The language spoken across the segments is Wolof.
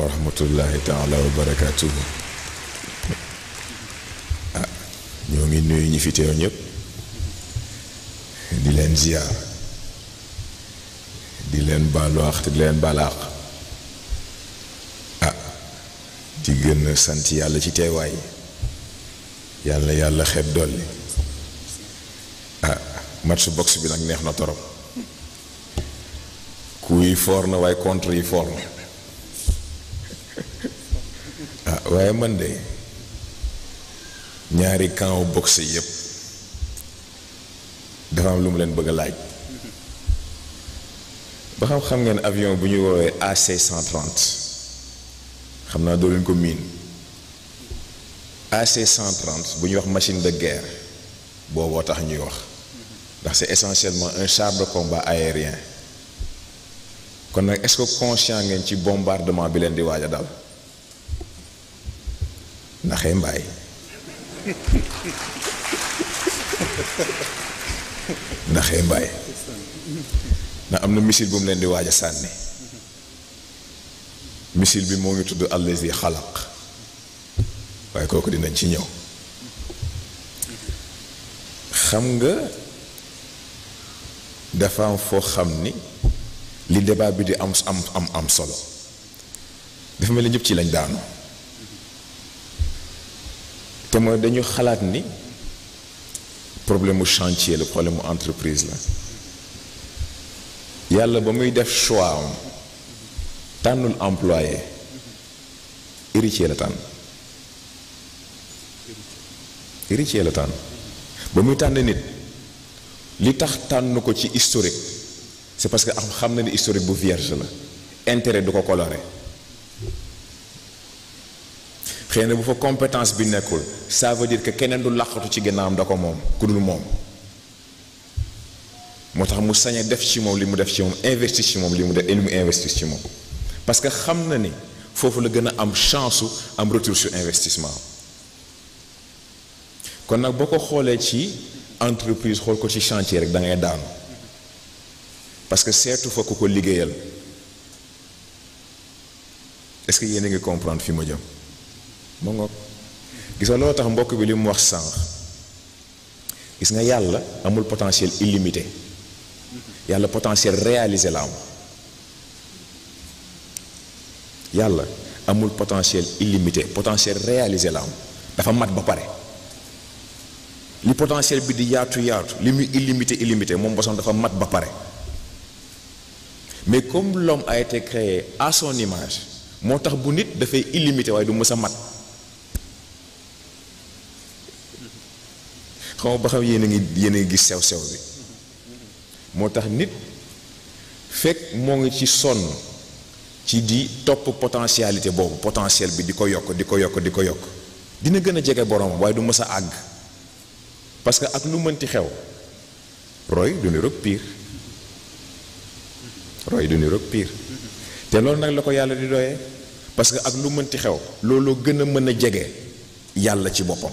wa rahmatullahi taala wa ah ñoo ngi nuyu ñi fi teew ñépp di leen ziyaar di leen baalu àq di leen balaax ah di gën a sant yàlla ci teewaay yàlla yàlla xep dolli ah match box bi nag neex na torop ku yi foor na waaye contre yi foor na waaye man de ñaari camp boxe yépp dafa am lu mu leen bëgg a laaj ba xam xam ngeen avion bu ñuy woowee AC130 xam naa doo leen ko bu ñuy wax machine de guerre booboo tax ñuy wax ndax c'est essentiellement un char de combat aérien kon nag est-ce que conscient ngeen ci bombardement bi leen di waaj a dal naxee mbaay naxee mbaay ndax am na missile bu mu leen di waaj a sànni missile bi moo ngi tudd allazi xalaq waaye kooku dinañ ci ñëw xam nga dafa foo xam ni li débat bi di am am am am solo dafa mel ni ñëpp ci lañ daanu mooy dañu xalaat ni problème mu chantier la problème mu entreprise la yàlla ba muy def choix am tànnul employé héritier la tànn héritier la tànn ba muy tànn nit li tax tànn ko ci historique c'est parce que am xam na ni historique bu vierge la intérêt du ko coloré xëy bu fa compétence bi nekkul ça veut dire que keneen du làqatu ci ginnaawam da ko moom ku dul moom moo tax mu sañ def ci moom li mu def ci moom investir ci moom li mu def li mu investir ci moom parce que xam na ni foofu la gën a am chance am retour sur investissement kon nag boo ko xoolee ci entreprise xool ko ci chantier rek da ngay daanu parce que seetu fa ku ko liggéeyal est-ce que yéen a ngi comprendre fi ma jëm mon ngoog gis nga loo tax mbokk bi li il wax sang gis nga yàlla amul potentiel illimité le potentiel réalisé la am yàlla amul potentiel illimité potentiel réalisé la femme dafa mat ba pare li potentiel bi di yaatu yaatu illimité illimité moom bosoon dafa mat ba pare mais comme l'homme a été créé à son image moo tax bu nit dafay illimité waaye du mës a mat xaw ba xaw yéen a ngi yéen a ngi gis sew sew bi moo tax nit fekk moo ngi ci sonn ci di topp potentialité boobu potentiel bi di ko yokk di ko yokk di ko yokk dina gën a jege boromam waaye du mës a àgg parce que ak mënti xew roy du niroog pire roy du niroog pire te loolu nag la ko di doyee parce que ak lu mënti xew looloo gën a mën a jege yàlla ci boppam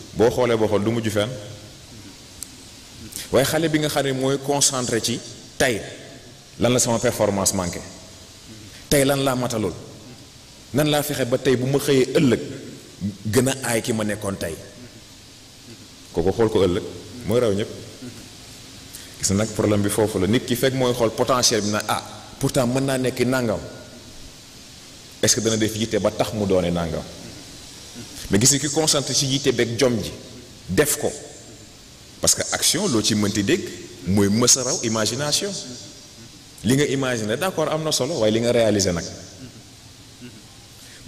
boo xoolee boo xool du mujj fenn waaye xale bi nga xam ne mooy concentré ci tay lan la sama performance manqué tey lan laa matalul nan laa fexe ba tey bu ma xëyee ëllëg gën a aay ki ma nekkoon tey kooku xool ko ëllëg mooy raw ñëpp gis na nag problème bi foofu la nit ki fekk mooy xool potentiel bi na ah pourtant mën naa nekk nangam est-ce que dana def yitte ba tax mu doone nangam. mais gis nga ki concentré ci yitte beeg jom ji def ko parce que action loo ci mënti dégg mooy mës imagination li nga imaginer d'accord am solo waaye li nga réaliser nag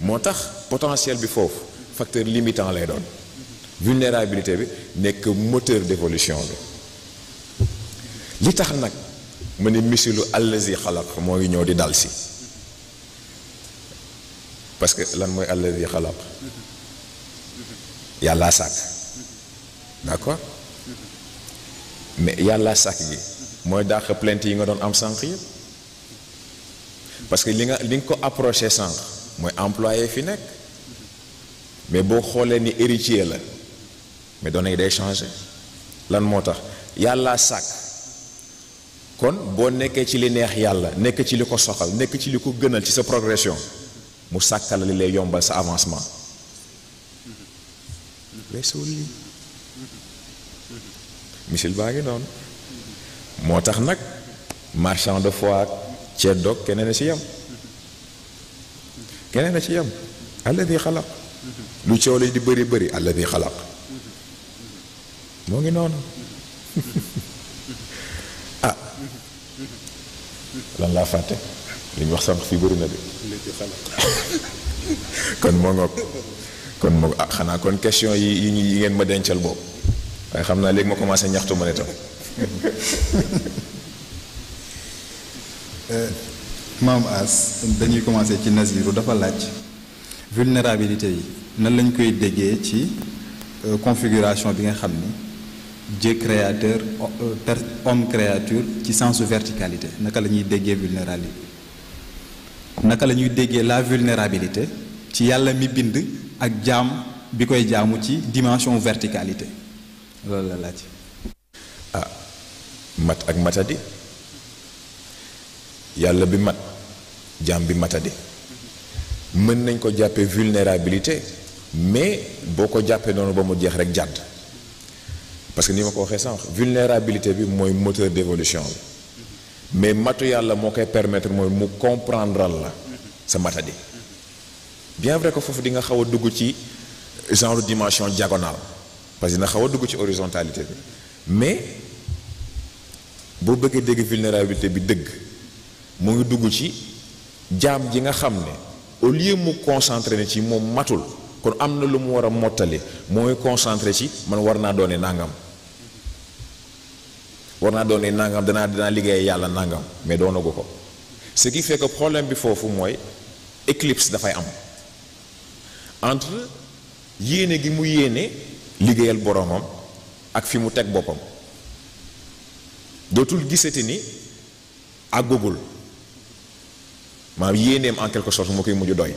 moo potentiel bi foofu facteur limitant lay doon vulnérabilité bi que moteur d'évolution bi li tax le mu ne misilu allazi xalaq moo ngi ñëw di dal si parce que lan mooy allazi xalaq yalla sac d'accord mais yalla sàkk gi mooy dàq plainte yi nga doon am sànq parce que li nga li nga ko sans sànq mooy employé fi mais beaucoup les ni héritier la mais donner des changements. l'un lan moo tax yàlla sàkk kon boo nekkee ci li neex yàlla nekk ci li ko soxal nekk ci li ko gënal ci sa progression mu sàkkal li lay yombal sa avancement weesuwul misil baa ngi noonu moo tax nag marchand de foie ak ceeb dog keneen a ci yem keneen a ci yem alladi xalaq lu coow li di bëri bëri alladi xalaq moo ngi non ah lan laa fàtte li ñu wax sànq fii bëri na de kon moo ngoog kon si ah, kon question yi ma commencé ne euh, As dañuy commencé ci Naziru dafa vulnérabilité yi nan lañ koy ci euh, configuration bi nga xamni Dieu créateur euh, homme créature ci sens verticalité naka la vulnérabilité naka la la vulnérabilité ci mi bind ak jaam bi koy dimension verticalité loolu la laaj ah mat ak matadi bi mat bi matadi mën nañ ko jàppee vulnérabilité mais boo ko jàppee noonu ba mu jeex rek parce que ni ma ko vulnérabilité bi mooy moteur d'évolution mais matu yàlla moo koy permettre mu comprendre la sa matadi bien vrai que faut di nga ci dimension diagonale parce que na xaw ci horizontalité mais bo bëggee dégg vulnérabilité bi dëgg mo ngi dugg ci jam ji nga xamné au lieu mu concentré ci matul kon amne lu mu ci man mais donago ko ce qui fait que problème bi éclipse fay entre yéene gi mu yéene liggéeyal boroomam ak fi mu teg boppam dootul gisati ni àggugul Ma yéeneem en quelque sorte moo koy mujj doy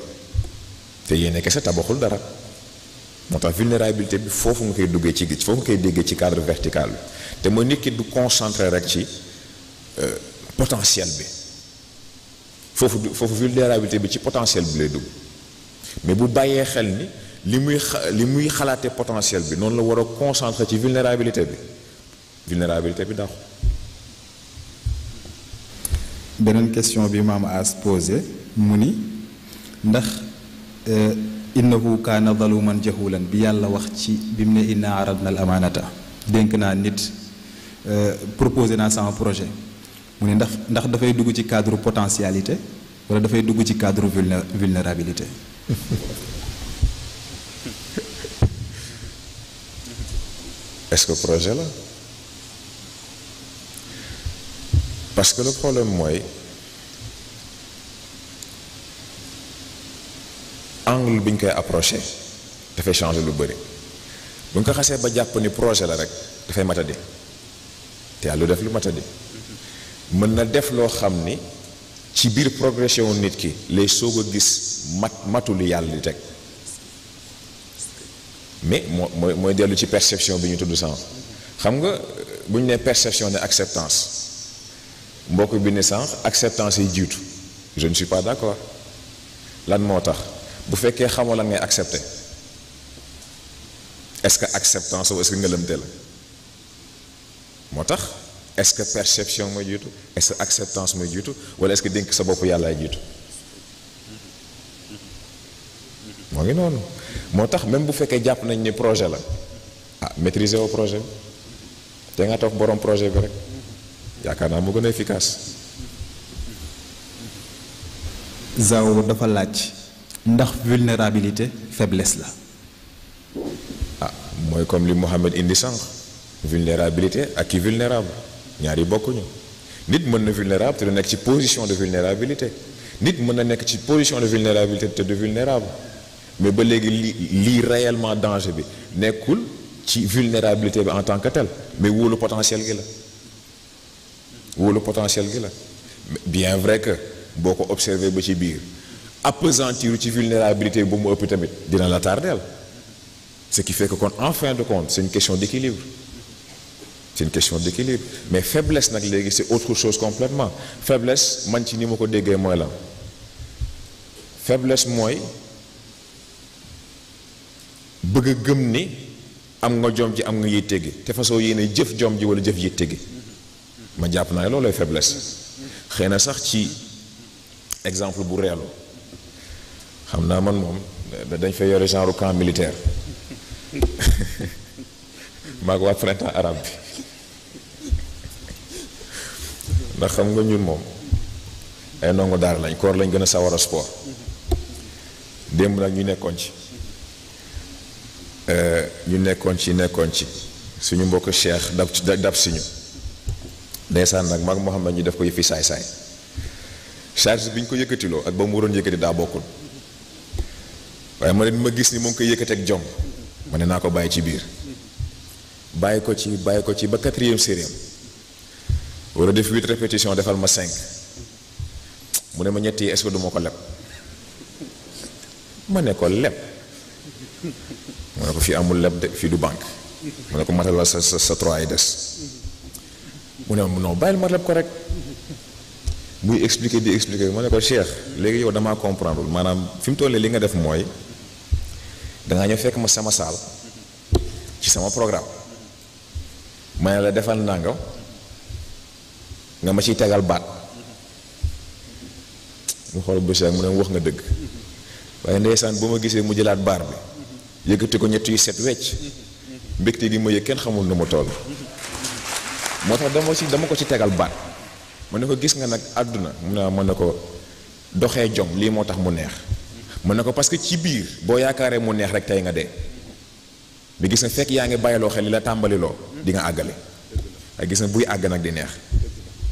te yéene kese tabaxul dara moo tax vulnérabilité bi foofu nga koy duggee ci foofu nga koy déggee ci cadre vertical bi te ma nit ki du concentré rek ci euh, potentiel bi foofu foofu vulnérabilité bi ci potentiel bi lay dugg mais bu bàyyee xel ni li muy li muy xalaatee potentiel bi noonu la war a concentrer ci vulnérabilité bi vulnérabilité bi daaxu beneen question bi maam as posé mu ni ndax innahu kaana zaluman jahulan bi yàlla wax ci bi mu ne inna aradna al amaanata dénk naa nit proposer naa sama projet mu ne ndax ndax dafay dugg ci cadre potentialité wala dafay dugg ci cadre vulnérabilité Est-ce que projet là parce que le problème moi, angle bi ñu koy approché fait changer lu bëri bu ñu ko xasee ba jàpp ni projet la rek dafay matadi te yàlla lu def lu matadi mën na def ci biir progression nit ki lay soog a gis mat matu li yàlla di teg mais moo mooy mooy dellu ci perception bi ñu tudd sens xam nga bu ñu nee perception ne acceptance mbokk bi ne sans acceptance yi jiitu je ne suis pas d'accord lan moo tax bu fekkee xamoo lan ngay accepter est-ce que acceptance ou est-ce que ngëlëmte la moo tax est-ce que perception du tout, est-ce que acceptance du tout, ou est-ce que dénk sa bop yalla jiitu moo ngi non. motax même bu fekkee japp nañ ni projet la ah, maîtriser au projet té nga un borom projet bi rek yaakaar mo moo efficace. Zao dafa lacc ndax vulnérabilité faiblesse la. ah moy comme li Mohammed, indi vulnérabilité ak qui vulnérable ñaar yi beaucoup nit mën na vulnérable te du nekk ci position de vulnérabilité nit mën na nekk ci position de vulnérabilité te de vulnérable mais ba léegi li réellement danger bi nekkul ci vulnérabilité en tant que telle, mais wóolu potentiel gi la wóolu potentiel gi la bien vrai que boo ko observé ba ci biir apesantir ci vulnérabilité bu mu ëpp tamit dina la tardel ce qui fait que en fin de compte c'est une question d'équilibre c'est une question d'équilibre mais faiblesse nag c'est autre chose complètement faiblesse man ci ni ma ko moi là. faiblesse moi, bëgg a gëm ni am nga jom ji am nga yitte gi te façon yéene jëf jom ji wala ma japp na faiblesse xëy sax ci exemple bu réel xamna man mom dañ fay genre camp militaire maa ko arabe ndax xam nga ñun moom ay ndongo daal lañ koor lañ gën a sawar a sport démb nag ñu nekkoon ci eh, ñu nekkoon ci nekkoon ci suñu mbokk cheikh dab dab siñu ndeysaan nag maag Mouhamed ñu def ko yëfi saay-saay charge bi ñu ko yëkkatiloo ak ba mu waroon yëkkati daa bokkul waaye ma ne ma gis ni mu koy yëkkati ak jom ma ne naa ko bàyyi ci biir bàyyi ko ci bàyyi ko ci ba quatrième séeréem wala def 8 répétition defal ma 5 mune ma ñetti est ce du moko lepp leb ko leb mune ko fi amul leb de fi du bank mune ko matal sa sa 3 ay dess mune mo no bayil ma leb ko rek muy expliquer di expliquer ma ko cheikh léegi yow dama comprendre manam fim tole li nga def moy da nga ñëw fekk ma sama saal ci sama programme mané la defal nangaw nga ma ciy tegal baat mu bu Bachir mu ne wax nga dëgg waaye ndeysaan bu ma gisee mu jëlaat baar bi yëkkati ko ñett set wecc mbégte gi ma yëg kenn xamul nu mu toll moo tax dama ci dama ko ci tegal baat ma ne ko gis nga nag àdduna mu ne ma ne ko doxee jom lii moo tax mu neex mu ne ko parce que ci biir boo yaakaaree mu neex rek tey nga dee bi gis nga fekk yaa ngi xel li la tàmbaliloo di nga àggale ay gis nga buy àgg nag di neex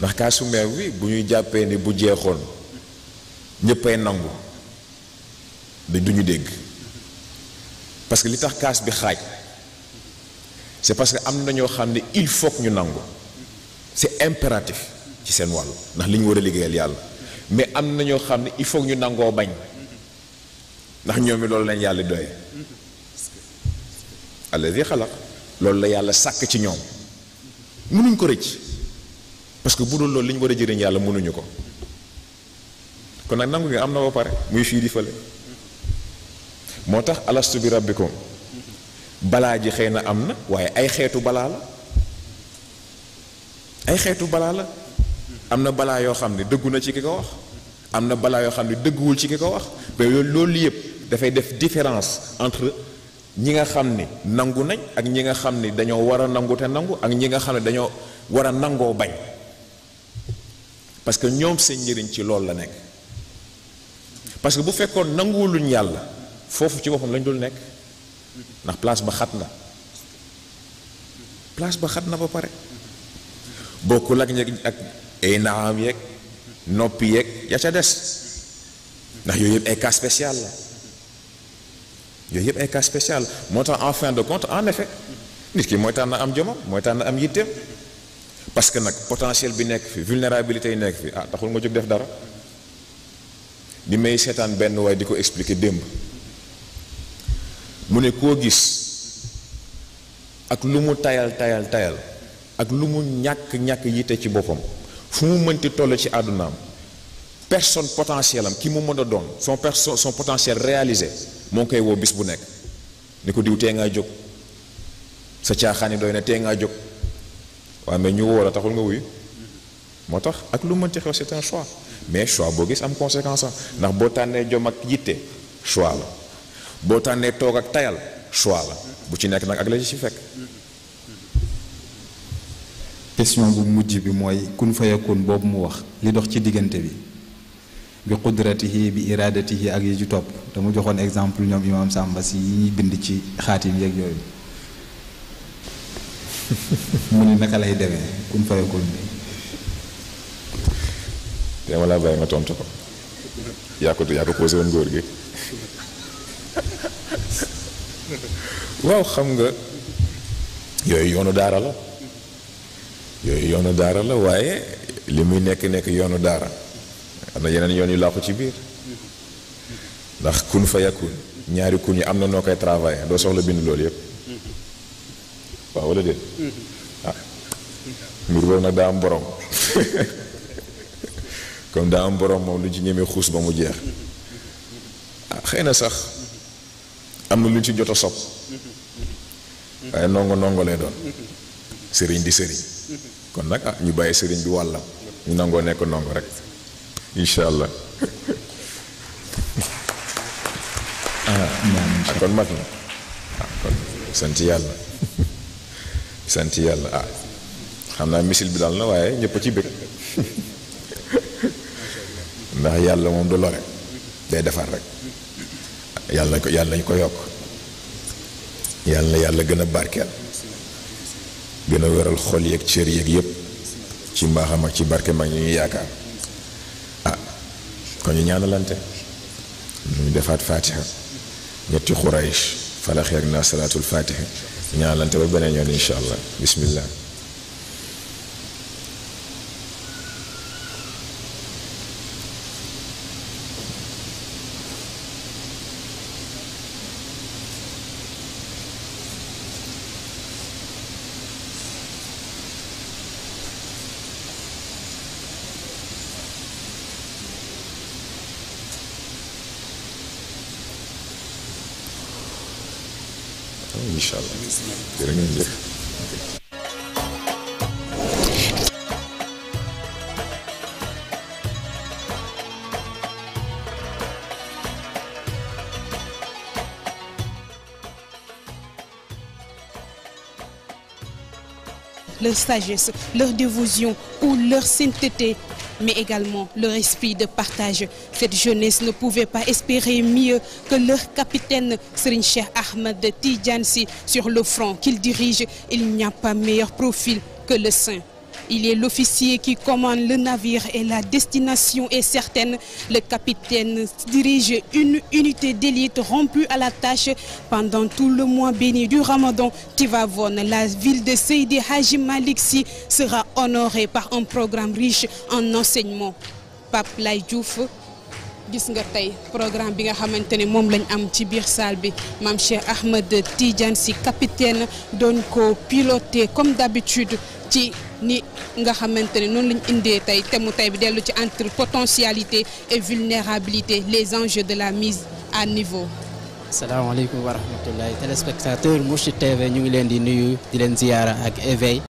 ndax Kasumeer bi bu ñuy jàppee ni bu jeexoon ñëppay nangu dañ duñu dégg parce que li tax kaas bi xaaj c'est parce que am na ñoo xam ne il faut ñu nangu c'est impératif ci seen wàll ndax li ñu war a liggéeyal yàlla mais am na ñoo xam ne il faut ñu nangoo bañ ndax ñoom mi loolu lañ yàlla doye alladi xalaq loolu la yàlla sàkk ci ñoom mënuñ ko rëcc parce que bu dul loolu li war a jëriñ yàlla mënuñu ko kon nag nangu nga am na ba pare muy fii di fële moo tax alastu bi rabbikum balaa ji xëy na am na waaye ay xeetu balaa la ay xeetu balaa la am na balaa yoo xam ne dëggu na ci ki ko wax am na balaa yoo xam ne dëgguwul ci ki ko wax mais loolu yëpp dafay def différence entre ñi nga xam ni nangu nañ ak ñi nga xam ni dañoo war a nangu nangu ak ñi nga xam ne dañoo war a nangoo bañ parce que nous seen seigneurs ci lool la parce que bu comme nanguwuluñ yàlla fofu ci boppam lañ dul nek ndax place ba na place ba xat na ba pare bokku ak de ak ay naam ya des ay cas spécial la yooyu ay cas spécial en fin de compte en effet nit ki am jomam parce que nag potentiel bi nekk fi vulnérabilité yi nekk fi ah taxul nga jóg def dara li may seetaan benn waaye di ko expliquer démb mu ne koo gis ak lu mu tayal tayal tayal ak lu mu ñàkk ñàkk yitte ci boppam fu mu mënti toll ci àddunaam personne potentiel am ki mu mën a doon son perso son potentiel réalisé moo koy woo bis bu nekk ni ko diw tee ngaa jóg sa caaxaan yi doy tee ngaa jóg waaw mais ñu woo la taxul nga wuyu moo tax ak lu mën ci xew c'est un mais choix boo gis am conséquence am ndax boo tànnee jom ak yitte choix la boo tànnee toog ak tayal choix la bu ci nekk nag ak la ci fekk. question bu mujj bi mooy kun fayakoon boobu mu wax li dox ci diggante bi bi qudratihi bi iradatihi ak yi ci topp dama joxoon exemple ñoom imam sàmba si yi ñuy bind ci xaatim yeeg yooyu. mu ne naka lay demee kun fayakun bi te ma laa bàyyi nga tontu ko yaa ko yaa ko posé woon góor gi waaw xam nga yooyu yoonu daara la yooyu yoonu daara la waaye li muy nekk nekk yoonu daara am na yeneen yoon yu làqu ci biir ndax kun fayakun ñaari kun yi am na noo koy travaillé doo soxla bind loolu yépp wala déet ah mbir boobu nag daa am borom comme daa am borom moom luñ ci ñemee xuus ba mu jeex ah, xëy na sax am na luñ ci jot a sopp waaye ndongo ndongo lay doon sëriñ di sëriñ kon nag ah ñu bàyyi sëriñ bi wàllam ñu nangoo nekk ndongo rek incha allah ah kon mat na ah kon sant yàlla sant yàlla ah xamna misil bi dal na waye ñëpp ci bëkk ndax yàlla moom du lore day defar rek yàlla ko yàlla ñu ko yok yàlla yàlla gëna a gëna wéral xol yi ak cër yi ak yépp ci mbaxam ak ci barke ma ñu ñuy yaakaar ah ko ñu ñaanalante ñu defaat fatiha ñetti xuraysh falakh yak nasratul fatiha ñaanalante ba beneen yoon incha allah bismillah leur sagesse, leur dévotion ou leur sainteté mais également leur esprit de partage. Cette jeunesse ne pouvait pas espérer mieux que leur capitaine Serine Ahmed Tidjansi sur le front qu'il dirige. Il n'y a pas meilleur profil que le saint il est l'officier qui commande le navire et la destination est certaine. Le capitaine dirige une unité d'élite rompue à la tâche pendant tout le mois béni du Ramadan. Tivavon, la ville de Seydi Haji Maliksi sera honorée par un programme riche en enseignements. Pape Laïdjouf, le programme bi nga été lañ am Ahmed Tidjansi, capitaine donne piloté comme d'habitude ni nga xamanteni non noonu lañ indee tey thème mu tey bi dellu ci entre potentialité et vulnérabilité les enjeux de la mise à niveau. salam alaykoum wa rahmatoullahi téléspectateurs Mourchid TV ñu ngi leen di nuyu di leen ziyaara ak éveil.